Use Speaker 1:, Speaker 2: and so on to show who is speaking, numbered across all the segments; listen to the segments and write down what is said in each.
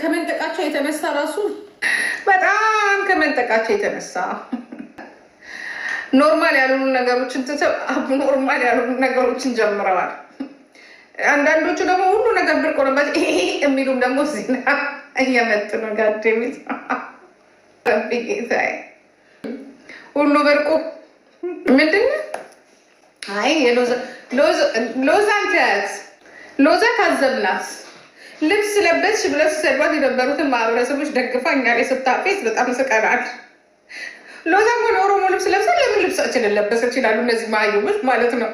Speaker 1: ከመንጠቃቸው የተነሳ ራሱ
Speaker 2: በጣም ከመንጠቃቸው የተነሳ ኖርማል ያልሆኑ ነገሮችን ትተው ኖርማል ያልሆኑ ነገሮችን ጀምረዋል። አንዳንዶቹ ደግሞ ሁሉ ነገር ብርቅ ሆነበት የሚሉም ደግሞ ዜና እየመጡ ነው። ጋደሚት ጌታ ሁሉ ብርቁ ምንድን አይ ሎዛ ሎዛ ካዘብናት ልብስ ለበስሽ ብለው ሲሰዷት የነበሩትን ማህበረሰቦች ደግፋ እኛ ላይ ስታፌስ በጣም ስቀናል። ሎዛ ጎን ኦሮሞ ልብስ ለብሰ ለምን ልብሳችንን ለበሰች ይላሉ እነዚህ ማህበሮች ማለት ነው።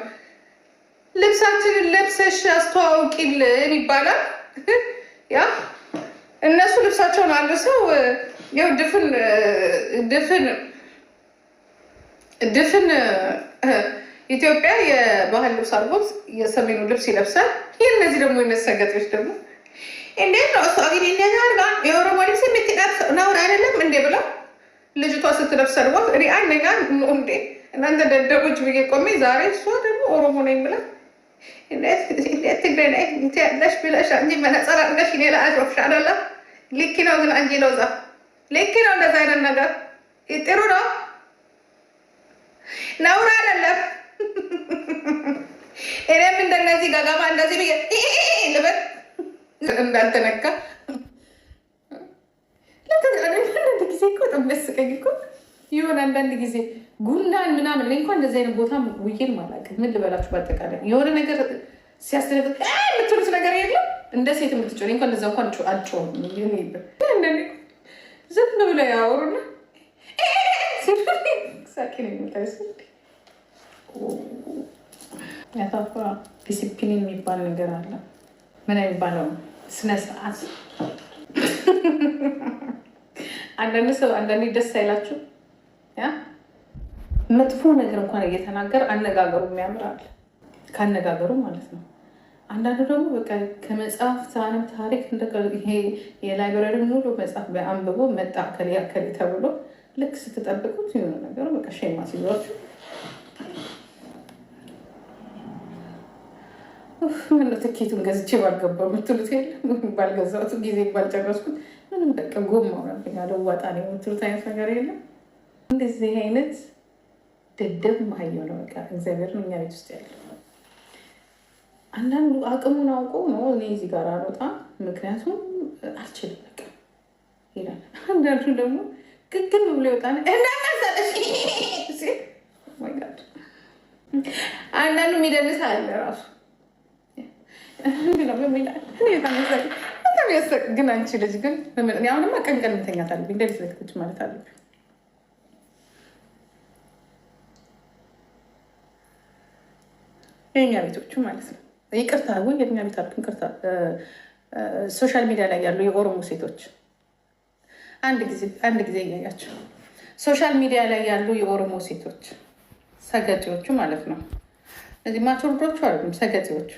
Speaker 2: ልብሳችንን ለብሰሽ አስተዋውቂልን ይባላል። ያ እነሱ ልብሳቸውን ሰው ያው ድፍን ድፍን ድፍን ኢትዮጵያ የባህል ልብስ አልቦት የሰሜኑ ልብስ ይለብሳል። ይህ እነዚህ ደግሞ የነሰገጦች ደግሞ እንዴት ነው እሷ ግን እንደዛ አርጋ የኦሮሞ ልብስ የምትለብስ ነውር አይደለም እንዴ ብለው ልጅቷ ስትለብስ ሰልቦት እኔ አንደኛ እንዴ እናንተ ደደቦች ብዬ ቆሜ ዛሬ እሷ ደግሞ ኦሮሞ ነኝ ብላ እንዴት ትግሬ ነኝ ትያለሽ ብለሽ እንጂ መነጸር አድርገሽ ሌላ አሾፍሽ አደለ ልክ ነው ግን አንጂ ለውዛ ልክ ነው እንደዛ አይነት ነገር ጥሩ ነው ነውር አይደለም እኔም እንደነዚህ ጋጋማ እንደዚህ ብዬ ልበል እንዳልተነካ አንዳንድ ጊዜ እኮ የሚያስቀኝ እኮ የሆነ አንዳንድ ጊዜ ጉንዳን ምናምን ላይ እንኳን እንደዚህ አይነት ቦታ ውዬን አላውቅም። ምን ልበላችሁ፣ በአጠቃላይ የሆነ ነገር ሲያስደነግጥ የምትሉት ነገር የለም። እንደ ሴት የምትጮህ እኔ እንኳን እንደዛ እንኳን አልጮህም። አንዳንዴ ዝም ብሎ ያወሩና ሳቂ ነው የሚታይስ ዲሲፕሊን የሚባል ነገር አለ። ምን የሚባለው ስነ ስርዓት። አንዳንድ ሰው አንዳንዴ ደስ አይላችሁ። መጥፎ ነገር እንኳን እየተናገር አነጋገሩ የሚያምራል ከአነጋገሩ ማለት ነው። አንዳንዱ ደግሞ በቃ ከመጽሐፍ ሳንም ታሪክ ይሄ የላይብራሪውን ሙሉ መጽሐፍ በአንብቦ መጣ ከሊያከሊ ተብሎ ልክ ስትጠብቁት የሆነ ነገሩ በቃ ሸማ ሲዟችሁ ምነው ትኬቱን ገዝቼ ባልገባ የምትሉት የለም፣ ባልገዛሁት ጊዜ ባልጨረስኩት ምንም በቃ ጎማ ራብኛ ደዋጣ ነው የምትሉት አይነት ነገር የለም። እንደዚህ አይነት ደደብ ማየው ነው በቃ እግዚአብሔር ነው እኛ ቤት ውስጥ ያለ አንዳንዱ አቅሙን አውቆ ነው እኔ እዚህ ጋር አልወጣም ምክንያቱም አልችልም በቃ ይላል። አንዳንዱ ደግሞ ግግም ብሎ ይወጣል። አንዳንዱ የሚደንስ አለ ራሱ ግን አንቺ ልጅ ግን አሁንማ ቀን ቀን አለብኝ። ማለት አለብኝ። የኛ ቤቶቹ ማለት ነው። ይቅርታ ወይ የኛ ቤት ይቅርታ ሶሻል ሚዲያ ላይ ያሉ የኦሮሞ ሴቶች አንድ ጊዜ አንድ ጊዜ እያያቸው ሶሻል ሚዲያ ላይ ያሉ የኦሮሞ ሴቶች ሰገጤዎቹ ማለት ነው። እዚህ ማቾርዶቹ አሉ ሰገጤዎቹ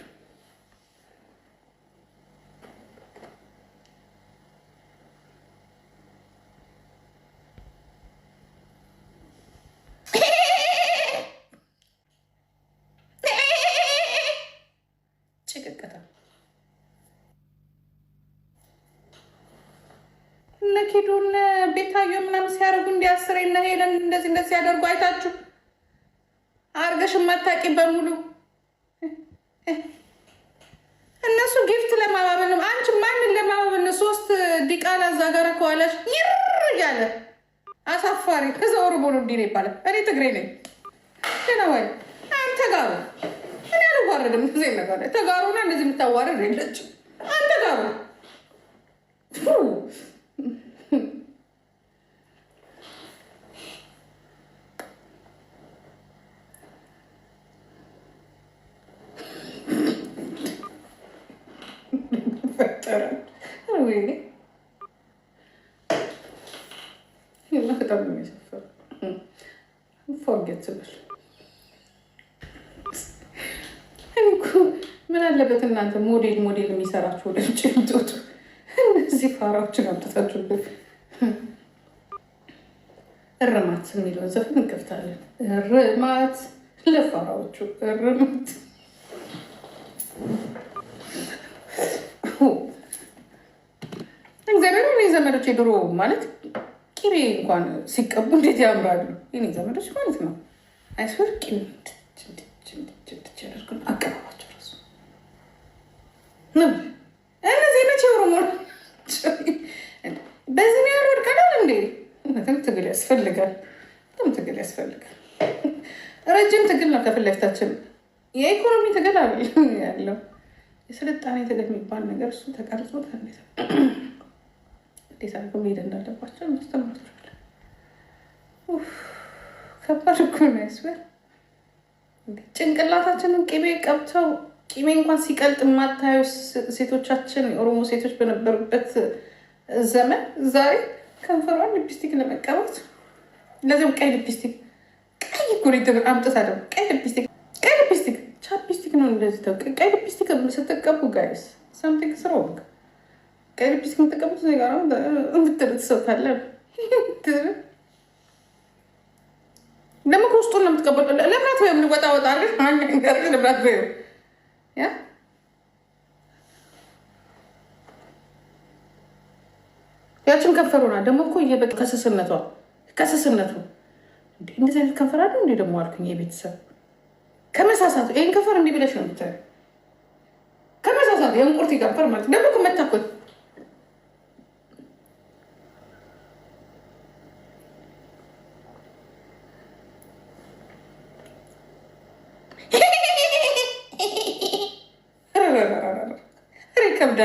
Speaker 2: እነ ኪዱን ቤታዮ ምናምን ሲያደርጉ እንዲያስር ና ሄለን እንደዚህ እንደዚህ ያደርጉ አይታችሁ አርገሽ ማታቂ በሙሉ እነሱ ጊፍት ለማባበል ነው። አንቺ ማንን ለማባበል ነው? ሶስት ዲቃላ እዛ ጋር ከኋላሽ ይር እያለ አሳፋሪ ከዛ ኦሮሞ ነው እንዲህ ነው ይባላል። እኔ ትግሬ ነኝ። ደህና እኔ አልዋረድም ነገር ተጋሩና እንደዚህ የምታዋረድ የለችም። አንተ ጋሩ ይፈጠራል። ወይኔ እና በጣም ነው ፎርጌት ምን አለበት እናንተ ሞዴል ሞዴል የሚሰራችሁ ወደ ውጭ ምትወጡ እነዚህ ፋራዎችን እርማት የሚለውን ዘፈን እንከፍታለን። እርማት ለፋራዎቹ እርማት እግዚአብሔር እኔ ዘመዶች የድሮ ማለት ቂሬ እንኳን ሲቀቡ እንዴት ያምራሉ። የኔ ዘመዶች ማለት ነው አይስወር ቂቤ አቀባባቸው ራሱ እነዚህ መቼ ኦሮሞ በዚህ ያሉ ወድቀላል እንዴ? እነትም ትግል ያስፈልጋል። በጣም ትግል ያስፈልጋል። ረጅም ትግል ነው ከፊት ለፊታችን። የኢኮኖሚ ትግል አለ ያለው የስልጣኔ ትግል የሚባል ነገር እሱ ተቀርጾ እንዴት አድርገው መሄድ እንዳለባቸው እናስተምራቸዋለን። ከባድ እኮ ነው ያስበል። ጭንቅላታችንን ቅቤ ቀብተው ቂሜ እንኳን ሲቀልጥ የማታዩ ሴቶቻችን የኦሮሞ ሴቶች በነበሩበት ዘመን ዛሬ ከንፈሯን ሊፕስቲክ ለመቀባት ለዚም ቀይ ሊፕስቲክ ቀይ ጉሪት አምጥታ ደግሞ ቀይ ሊፕስቲክ ቀይ ሊፕስቲክ ቻፕስቲክ ነው እንደዚህ ተው ቀይ ሊፕስቲክ ስትቀቡ ጋይስ ሰምቲንግ ስሮንግ ቀይ ሊፕስቲክ የምጠቀሙት እኔ ጋር የምትሉት ሰው ካለ ለምን ከውስጡን ነው የምትቀበሉ? ለምራት ወይ ወጣ ወጣ አድርገሽ ለምራት ወይ ያችን ከንፈሩና ደግሞ እኮ እየበ ከስስነቷ ከስስነቱ እንደዚህ አይነት ከንፈር አለ እንዴ ደግሞ አልኩኝ። የቤተሰብ ከመሳሳቱ ይህን ከንፈር እንዲህ ብለሽ ነው የምታየው። ከመሳሳቱ የእንቁርቲ ከንፈር ማለት ደግሞ መታኮት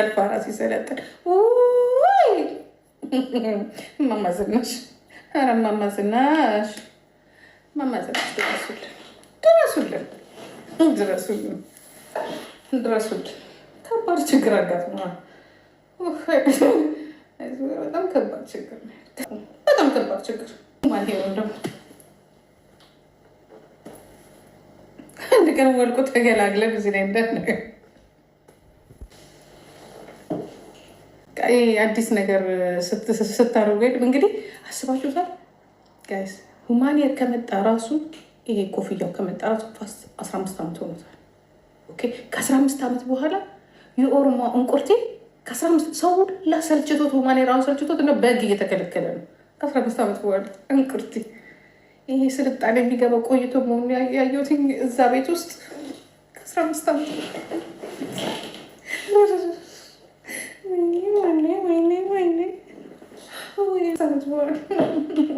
Speaker 2: ይላል ፋራ ሲሰለጥን። ውይ እማማ ዝናሽ፣ ኧረ እማማ ዝናሽ፣ እማማ ዝናሽ ድረሱልን፣ ድረሱልን፣ ድረሱልን። ከባድ ችግር አጋጥሟል። በጣም ከባድ ችግር፣ በጣም ከባድ ችግር ማለት ነው። አንድ ቀን ወልቆ ተገላግለን እዚህ ላይ እንዳለ በቃ አዲስ ነገር ስታደርጉ እንግዲህ አስባችሁታል ጋይስ ሁማኒየር ከመጣ ራሱ ይሄ ኮፍያው ከመጣ ራሱ ፋስት 15 ዓመት ሆኖታል ከ15 ዓመት በኋላ የኦሮሞ እንቁርቴ ሰው ላ ሰልችቶት ሁማኒየር አሁን ሰልችቶት እና በግ እየተከለከለ ነው ከ15 ዓመት በኋላ እንቁርቴ ይሄ ስልጣኔ የሚገባው ቆይቶ መሆኑ ያየሁት እዛ ቤት ውስጥ ከ15 ዓመት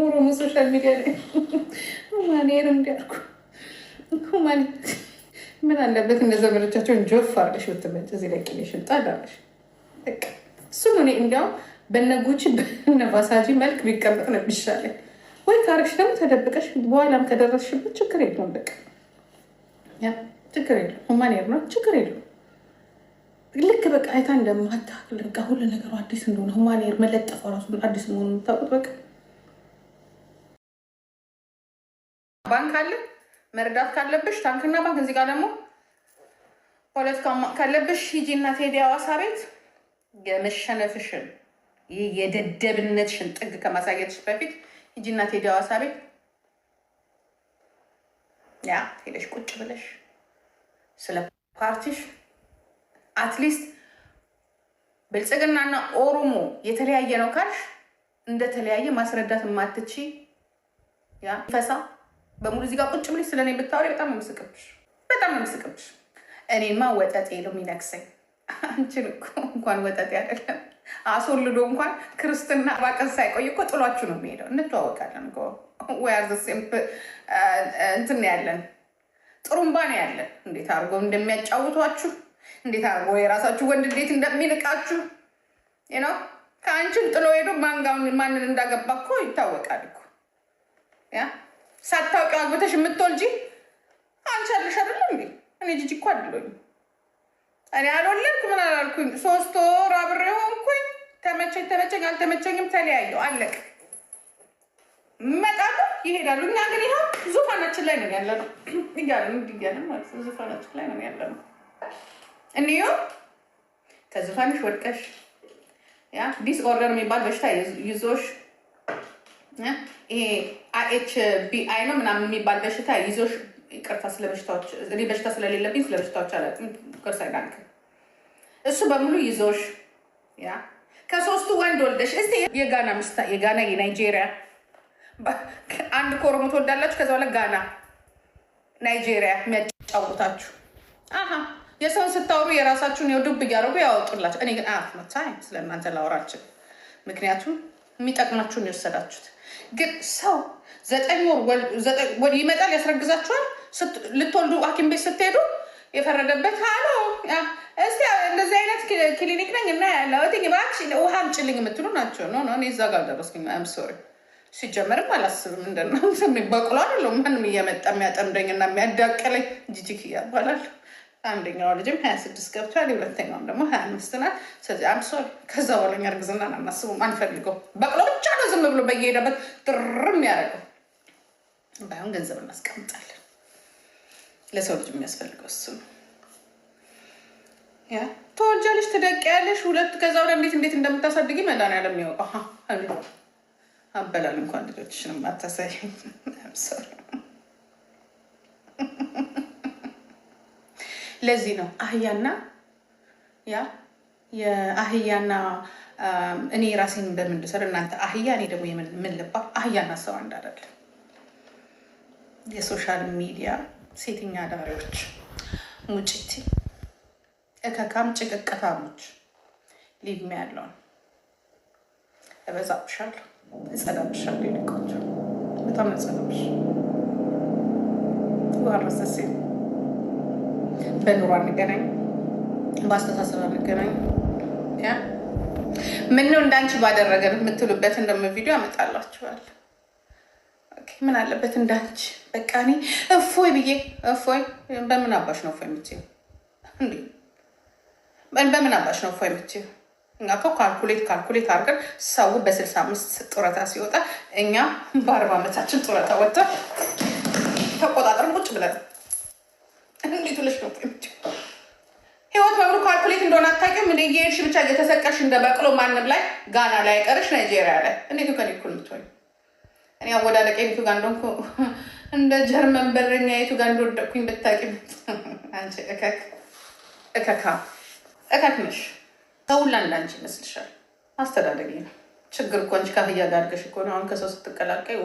Speaker 2: ኦሮሞ ሶሻል ሚዲያ ላይ ማኔር እንዲያልኩ ማለት ምን አለበት እንደዘመዶቻቸውን ጆፍ አርገሽ ብትመጭ እዚህ ላይ ቅቤ ሽጣ እሱ እሱም እኔ እንዲያውም በነጉች በነባሳጂ መልክ ቢቀመጥ ነው የሚሻለኝ። ወይ ካረግሽ ደግሞ ተደብቀሽ በኋላም ከደረስሽበት ችግር የለውም። በቃ ችግር የለውም። ሁማን ነው ችግር የለውም። ልክ በቃ አይታ እንደማታክል በቃ ሁሉ ነገሩ አዲስ እንደሆነ ሁማኔር መለጠፈ ራሱ አዲስ መሆኑ የምታውቁት በቃ ባንክ አለ መረዳት ካለብሽ ታንክና ባንክ እዚህ ጋር ደግሞ ፖለቲካ ካለብሽ ሂጂና ቴዲ ሐዋሳ ቤት የመሸነፍሽን ይህ የደደብነትሽን ጥግ ከማሳየትሽ በፊት ሂጂና ቴዲ ሐዋሳ ቤት ያ ሄደሽ ቁጭ ብለሽ ስለ ፓርቲሽ አትሊስት ብልጽግናና ኦሮሞ የተለያየ ነው ካልሽ እንደተለያየ ማስረዳት የማትቺ ፈሳ በሙሉ እዚህ ጋር ቁጭ ብለሽ ስለኔ ብታወሪ በጣም ምስቅብሽ፣ በጣም ምስቅብሽ። እኔማ ወጠጤ ነው የሚነክሰኝ። አንቺን እኮ እንኳን ወጠጤ አይደለም አስወልዶ እንኳን ክርስትና ባቀን ሳይቆይ እኮ ጥሏችሁ ነው የሚሄደው። እንተዋወቃለን እንትን ያለን ጥሩምባ ነው ያለን። እንዴት አድርጎ እንደሚያጫውቷችሁ እንዴት አርጎ የራሳችሁ ወንድ እንዴት እንደሚንቃችሁ ነው። ከአንቺን ጥሎ ሄዶ ማንን እንዳገባ እኮ ይታወቃል እኮ ያ ሳታውቂው አግብተሽ የምትወልጂ አንቺ አለሽ አይደለ እንዴ? እኔ ጅጅ እኮ አድሎኝ እኔ አልወለድኩም ምን አላልኩኝ። ሶስት ወር አብሬ ሆንኩኝ። ተመቸኝ ተመቸኝ አልተመቸኝም ተለያየሁ፣ አለቀ። መጣሉ ይሄዳሉ። እኛ ግን ይኸው ዙፋናችን ላይ ነው ያለነው፣ እያለ እያለ ማለት ዙፋናችን ላይ ነው ያለነው። እንዩ ከዙፋንሽ ወድቀሽ ያ ዲስኦርደር የሚባል በሽታ ይዞሽ ይሄ አይኤች ቢ አይ ነው ምናምን የሚባል በሽታ ይዞሽ ይቅርታ፣ ስለበሽታዎች እኔ በሽታ ስለሌለብኝ ስለበሽታዎች አለ ቅርሳ ጋንክ እሱ በሙሉ ይዞሽ ያ ከሶስቱ ወንድ ወልደሽ እስቲ የጋና ምስታ የጋና የናይጄሪያ አንድ ኮርሞ ትወዳላችሁ። ከዛ በኋላ ጋና ናይጄሪያ የሚያጫውታችሁ የሰውን ስታወሩ የራሳችሁን የው እያደረጉ ያወጡላቸው። እኔ ግን አፍ መታ ስለ እናንተ ላወራችን። ምክንያቱም የሚጠቅማችሁን የወሰዳችሁት ግን ሰው ዘጠኝ ወር ወር ይመጣል፣ ያስረግዛችኋል። ልትወልዱ ሐኪም ቤት ስትሄዱ የፈረደበት አሎ እስቲ እንደዚህ አይነት ክሊኒክ ነኝ እና ያለው ውሃ አምጪልኝ የምትሉ ናቸው። ኖ ኖ እኔ እዛ ጋር ደረስኩኝ። አም ሶሪ ሲጀመርም አላስብም። እንደናንተ በቁሎ አይደለሁም። ማንም እየመጣ የሚያጠምደኝ እና የሚያዳቅለኝ ጅጅክ እያባላለሁ አንደኛው ልጅም ሀያ ስድስት ገብቷል። ሁለተኛው ደግሞ ሀያ አምስት ናት። ስለዚህ አንድ ሰው ከዛ በኋለኛ እርግዝና አናስቡም፣ አንፈልገው። በቅሎ ብቻ ነው ዝም ብሎ በየሄደበት ጥርም ያደረገው። ባይሆን ገንዘብ እናስቀምጣለን። ለሰው ልጅ የሚያስፈልገው እሱ ነው። ያ ተወልጃለሽ፣ ትደቂያለሽ፣ ሁለቱ ከዛ ወደ እንዴት እንዴት እንደምታሳድጊ መላን የሚያውቀው አበላል። እንኳን ልጆችሽንም አታሳይ። ለዚህ ነው አህያና ያ የአህያና እኔ ራሴን እንደምንድሰር እናንተ አህያ እኔ ደግሞ የምን ልባ አህያና ሰው አንድ አይደለም። የሶሻል ሚዲያ ሴተኛ አዳሪዎች ሙጭቲ እከካም ጭቅቅታሞች ሊድሜ ያለውን እበዛብሻለሁ፣ እጸዳብሻለሁ። ይልቆቸው በጣም እጸዳብሽ ዋረሰሴ በኑሮ አንገናኝ፣ በአስተሳሰብ አንገናኝ። ነው እንዳንቺ ባደረገን የምትሉበት እንደም ቪዲዮ አመጣላችኋል። ምን አለበት እንዳንቺ በቃ እኔ እፎይ ብዬ እፎይ። በምን አባሽ ነው እፎይ የምትይው? በምን አባሽ ነው እፎይ የምትይው? እኛ እኮ ካልኩሌት ካልኩሌት አድርገን ሰው በስልሳ አምስት ጡረታ ሲወጣ እኛ በአርባ ዓመታችን ጡረታ ወጥተን ተቆጣጠርን ቁጭ ብለን እንዴት ብለሽ ነው ህይወት በብሩ ካልኩሌት እንደሆነ አታውቂም። እንደ የሄድሽ ብቻ እየተሰቀልሽ እንደ በቅሎ ማንም ላይ ጋና ላይ ቀርሽ ናይጄሪያ ላይ እንዴት ከኔ እኩል የምትሆኝ? እኔ አወዳደቅ የቱ ጋር እንደሆንኩ እንደ ጀርመን በረኛ የቱ ጋር እንደወደቅኩኝ ብታውቂ። አንቺ እከክ እከካ እከክ ነሽ። ከሁላ እንዳንቺ ይመስልሻል። አስተዳደግ ነው ችግር እኮ አንቺ ካህያ ጋር አድርገሽ እኮ ነው አሁን ከሰው ስትቀላቀይ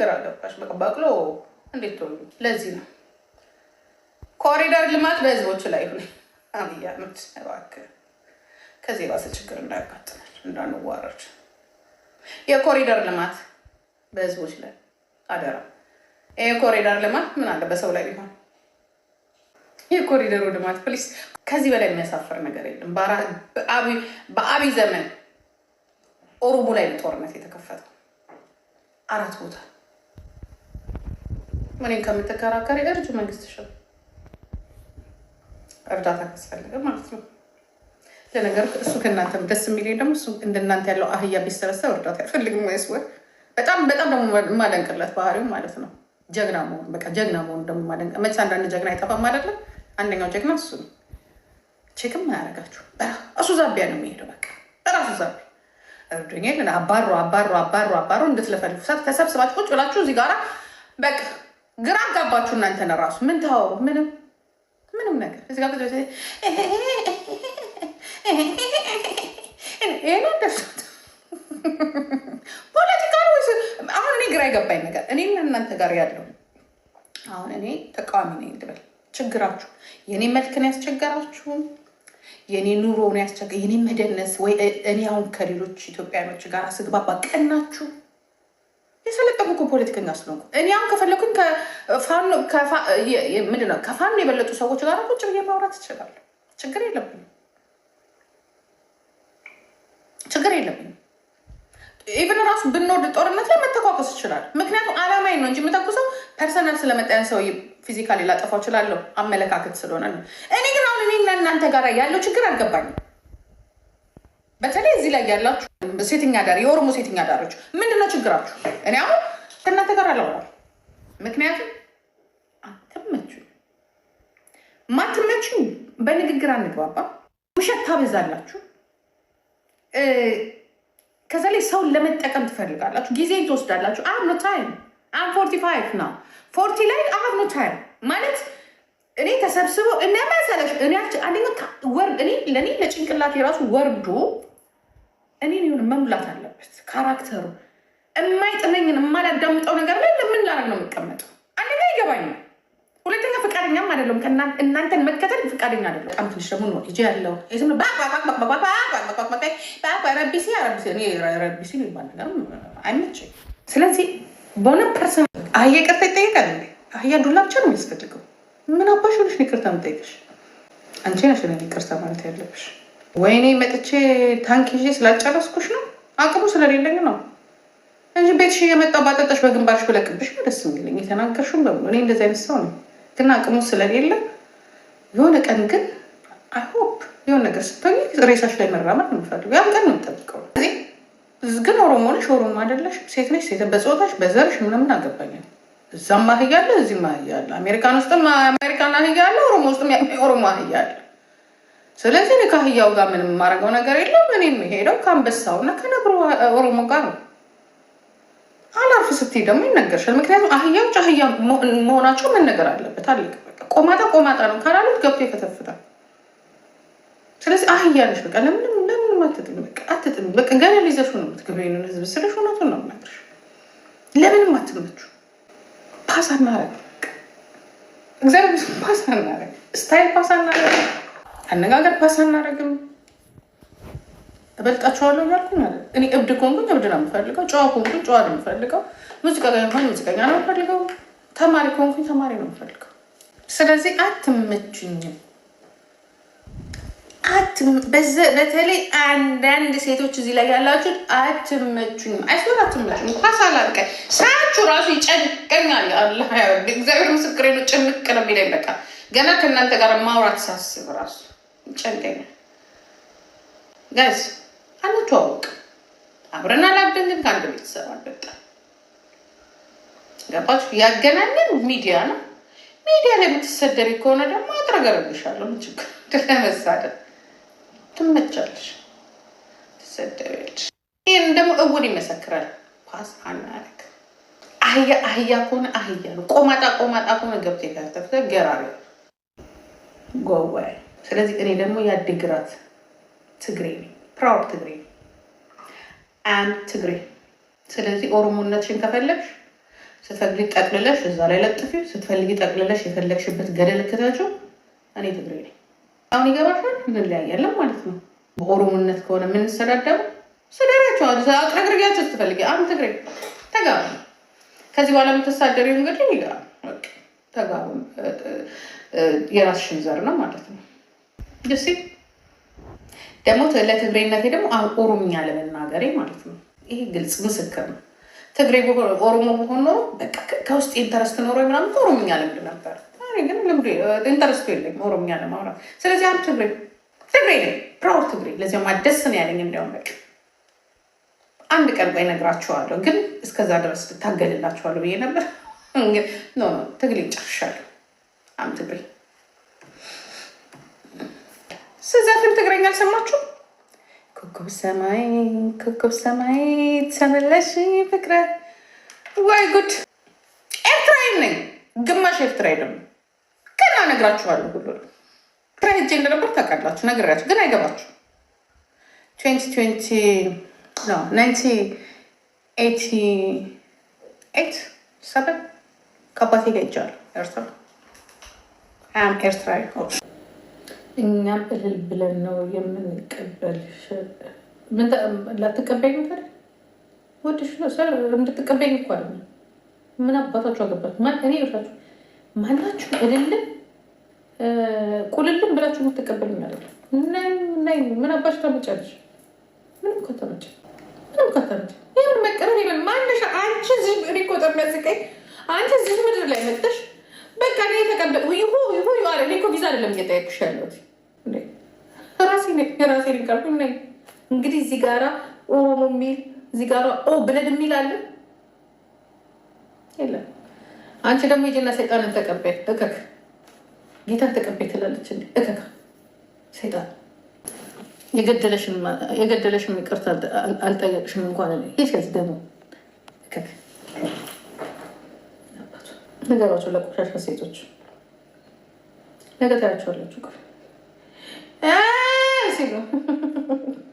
Speaker 2: ግራ ገባሽ። በቅሎ እንዴት ሆኑ። ለዚህ ነው ኮሪደር ልማት በህዝቦች ላይ ሁ አብይ አህመድ እባክህ ከዚህ የባሰ ችግር እንዳያጋጥመን እንዳንዋረድ። የኮሪደር ልማት በህዝቦች ላይ አደራ። ይህ ኮሪደር ልማት ምን አለ በሰው ላይ ቢሆን የኮሪደሩ ልማት ፕሊስ። ከዚህ በላይ የሚያሳፍር ነገር የለም። በአብይ ዘመን ኦሮሞ ላይ ጦርነት የተከፈተው አራት ቦታ ምንም ከምትከራከር እርጅ መንግስት ሸ እርዳታ ካስፈለገ ማለት ነው። ለነገሩ እሱ ከእናንተም ደስ የሚል ደግሞ እሱ እንደናንተ ያለው አህያ ቢሰበሰብ እርዳታ አይፈልግም ወይስ ወይ በጣም በጣም ደግሞ የማደንቅለት ባህሪው ማለት ነው። ጀግና መሆን በቃ ጀግና መሆን ደግሞ ማደንቅ። መቼ አንዳንድ ጀግና አይጠፋም አይደለም። አንደኛው ጀግና እሱ ነው። ቼክም አያደርጋችሁ እሱ ዛቢያ ነው የሚሄደው። በቃ እራሱ ዛቢያ እርዱኝ ግን አባሮ አባሮ አባሮ አባሮ እንድትለፈልፉ ሰት ተሰብስባችሁ ቁጭ ብላችሁ እዚህ ጋራ በቃ ግራ አጋባችሁ እናንተን ራሱ ምን ታወሩ ምንም ምንም ነገር እዚጋ ብዙ ይሄ ደርሶት ፖለቲካ ወይስ አሁን እኔ ግራ የገባኝ ነገር እኔ እናንተ ጋር ያለው አሁን እኔ ተቃዋሚ ነኝ ልበል፣ ችግራችሁ የእኔ መልክን የእኔ ኑሮን ያስቸገ መደነስ ወይ እኔ አሁን ከሌሎች ኢትዮጵያኖች ጋር ስግባባ ቀናችሁ የሰለጠንኩ ፖለቲከኛ ስለሆንኩ እኔ አሁን ከፈለኩኝ ምንድን ነው ከፋኖ የበለጡ ሰዎች ጋር ቁጭ ብዬ ማውራት እችላለሁ። ችግር የለብኝ፣ ችግር የለብኝ። ኢቨን ራሱ ብንወድ ጦርነት ላይ መተኳኮስ ይችላል። ምክንያቱም አላማዬን ነው እንጂ የምተኩሰው ፐርሰናል ስለመጣያን ሰው ፊዚካሊ ላጠፋው እችላለሁ፣ አመለካከት ስለሆነ ነው። እኔ ግን አሁን እኔ እናንተ ጋር ያለው ችግር አልገባኝም። በተለይ እዚህ ላይ ያላችሁ ሴተኛ አዳሪ የኦሮሞ ሴተኛ አዳሪዎች ምንድነው ችግራችሁ? እኔ አሁን ከእናንተ ጋር አላወራም። ምክንያቱም አትመችኝ፣ ማትመችኝ፣ በንግግር አንግባባ፣ ውሸት ታበዛላችሁ። ከዛ ላይ ሰውን ለመጠቀም ትፈልጋላችሁ፣ ጊዜን ትወስዳላችሁ። አሀብ ነው ታይም አም ፎርቲ ፋይቭ ና ፎርቲ ላይ አሀብ ነው ታይም ማለት እኔ ተሰብስበው እኔ መሰለሽ እኔ አንደኛ ወርድ እኔ ለእኔ ለጭንቅላት የራሱ ወርዱ እኔን የሆነ መሙላት አለበት ካራክተሩ። የማይጥለኝን የማላዳምጠው ነገር ላይ ለምን ላረግ ነው የሚቀመጠው? አንደኛ ይገባኝ ነው። ሁለተኛ ፈቃደኛም አይደለም። እናንተን መከተል ፈቃደኛ አይደለም። በጣም ትንሽ ደግሞ ነው ልጅ ያለው ረቢሲ ረቢሲ የሚባል ነገር አይመቸኝ። ስለዚህ በሆነ ፐርሰን አህያ ይቅርታ ይጠይቃል። አህያ ዱላ ብቻ ነው የሚያስፈልገው። ምን አባሽ ሆነሽ ነው ይቅርታ የምጠይቅሽ? አንቺ ነሽ ይቅርታ ማለት ያለብሽ። ወይኔ መጥቼ ታንክ ይዤ ስላጨረስኩሽ ነው፣ አቅሙ ስለሌለኝ ነው እንጂ ቤትሽ እየመጣሁ ባጠጠሽ በግንባርሽ ብለቅብሽ ነው ደስ የሚለኝ። የተናገርሽም በሙሉ እኔ እንደዚህ አይነት ሰው ነው፣ ግን አቅሙ ስለሌለ የሆነ ቀን ግን አይሆፕ የሆነ ነገር ስትሆኝ ሬሳሽ ላይ መራመድ ነው የምፈልገው። ያን ቀን ነው የምጠብቀው። ግን ኦሮሞ ነሽ ኦሮሞ አይደለሽ፣ ሴት ነሽ ሴት፣ በጾታሽ በዘርሽ ምናምን አገባኛል። እዛም አህያ አለ፣ እዚህም አህያ አለ። አሜሪካን ውስጥም አሜሪካን አህያ አለ፣ ኦሮሞ ውስጥም ኦሮሞ አህያ አለ። ስለዚህ እኔ ካህያው ጋር ምንም የማደርገው ነገር የለም። እኔ የምሄደው ከአንበሳውና ከነብሮ ኦሮሞ ጋር ነው። አላርፍ ስትይ ደግሞ ይነገርሻል። ምክንያቱም አህያዎች አህያ መሆናቸው መነገር አለበት። አለቀ። ቆማጣ ቆማጣ ነው ካላሉት ገብቶ ይከተፍታል። ስለዚህ አህያ ነሽ። በቃ ለምንም ለምንም አትጥም፣ አትጥም። በቃ ገና ሊዘሹ ነው የምትገበይንን ህዝብ ስለሽ እውነቱን ነው የምነግርሽ። ለምንም አትመቹ። ፓሳ አናረግ፣ እግዚአብሔር ፓሳ አናረግ፣ ስታይል ፓሳ አናረግ አነጋገር ፓስ አናደርግም። እበልጣችኋለሁ እያልኩ ማለት እኔ እብድ ኮንኩኝ እብድ ነው የምፈልገው፣ ጨዋ ኮንኩኝ ጨዋ ነው የምፈልገው፣ ሙዚቃ ሆን ሙዚቀኛ ነው የምፈልገው፣ ተማሪ ኮንኩኝ ተማሪ ነው የምፈልገው። ስለዚህ አትመችኝም። በተለይ አንዳንድ ሴቶች እዚህ ላይ ያላችሁት አትመችኝም። አይሶን አትመቹኝ። ኳስ አላቀ ሳያችሁ ራሱ ይጨንቀኛል። እግዚአብሔር ምስክሬ ነው። ጭንቅ ነው የሚለኝ በቃ ገና ከእናንተ ጋር ማውራት ሳስብ ራሱ ይጨንቀኛል። ጋይስ አንተዋወቅ፣ አብረን አላደግን፣ ከአንድ ቤተሰብ አልበጣም። ገባችሁ? ያገናኘን ሚዲያ ነው። ሚዲያ ላይ የምትሰደሪ ከሆነ ደግሞ አጥረገረግሻለሁ። ችግር ለመሳደብ ትመቻለሽ፣ ትሰደሪያለሽ። ይህን ደግሞ እውድ ይመሰክራል። ኳስ አናረግ አህያ አህያ ከሆነ አህያ ነው። ቆማጣ ቆማጣ ከሆነ ገብቴ ከተፍተ ገራሪ ጎዋይ ስለዚህ እኔ ደግሞ የአዲግራት ትግሬ ነኝ፣ ፕራውድ ትግሬ አንድ ትግሬ። ስለዚህ ኦሮሞነትሽን ከፈለግሽ ስትፈልጊ ጠቅልለሽ እዛ ላይ ለጥፊ፣ ስትፈልጊ ጠቅልለሽ የፈለግሽበት ገደል እክታቸው። እኔ ትግሬ ነኝ። አሁን ይገባሻል። እንለያያለን ማለት ነው። በኦሮሞነት ከሆነ የምንሰዳደሩ ስደራቸው አቅረግርጊያቸው ስትፈልጊ አንድ ትግሬ ተጋ ከዚህ በኋላ የምትሳደሪው እንግዲህ ተጋ የራስሽን ዘር ነው ማለት ነው። ደሴ ደግሞ ለትግሬነቴ ደግሞ ኦሮምኛ ለመናገሬ ማለት ነው። ይሄ ግልጽ ምስክር ነው። ትግሬ ኦሮሞ በሆን ኖሮ ከውስጥ ኢንተረስት ኖሮ ምናምን ኦሮምኛ ልምድ ነበር። ግን ኢንተረስቱ የለኝም ኦሮምኛ ለማውራት። ስለዚህ አር ትግሬ ትግሬ ነኝ፣ ፕራውድ ትግሬ። ለዚያም አደስ ነው ያለኝ። እንዲያውም በቃ አንድ ቀን ቆይ እነግራችኋለሁ፣ ግን እስከዛ ድረስ ልታገልላችኋለሁ ብዬ ነበር። ኖ ኖ ትግሬ ጨርሻለሁ። አም ትግሬ ስዘፍን ትግረኛ አልሰማችሁ? ኮከብ ሰማይ ኮከብ ሰማይ ተመለሽ ፍቅረ ወይ ጉድ። ኤርትራዊ ነኝ፣ ግማሽ ኤርትራዊ ደግሞ ገና እነግራችኋለሁ። ሁሉ ኤርትራ ሄጄ እንደነበር ታውቃላችሁ፣ ነግራችሁ ግን አይገባችሁ። ከአባቴ ጋር ሄጃለሁ ኤርትራ። አይ ኤርትራዊ እኛም እልል ብለን ነው የምንቀበልሽ። ላትቀበኝ ታዲያ ወድሽ እንድትቀበኝ እኮ አይደለም። ምን አባታችሁ አገባችሁ? እኔ ይወታችሁ ማናችሁ እልልም ቁልልም ብላችሁ የምትቀበል ማለት ምን አባሽ ታመጫለሽ? ምንም ከተመቸ ምንም ከተመቸ ይህን መቀበል ይበል ማነሽ አንቺ እዚህ እኔ እኮ የሚያስቀኝ አንቺ እዚህ ምድር ላይ መጥተሽ በቃ ተቀበ ተቀበል ይሁ ይሁ ይሁ እኔ እኮ ቪዛ አይደለም እየጠየቅኩሽ ያለሁት የራሴ የራሴ ሊቀርኩ እንግዲህ እዚህ ጋራ ኦሮሞ የሚል እዚህ ጋራ ኦ ብለድ የሚል አለ የለም። አንቺ ደግሞ የጀላ ሰይጣንን ተቀበይ እከክ ጌታን ተቀበይ ትላለች። እከክ ሰይጣን የገደለሽም ይቅርታ አልጠየቅሽም እንኳን ይሴት ደግሞ እከክ ነገሯቸው ለቆሻሻ ሴቶች ነገታያቸዋለች ታያቸዋላችሁ። しいの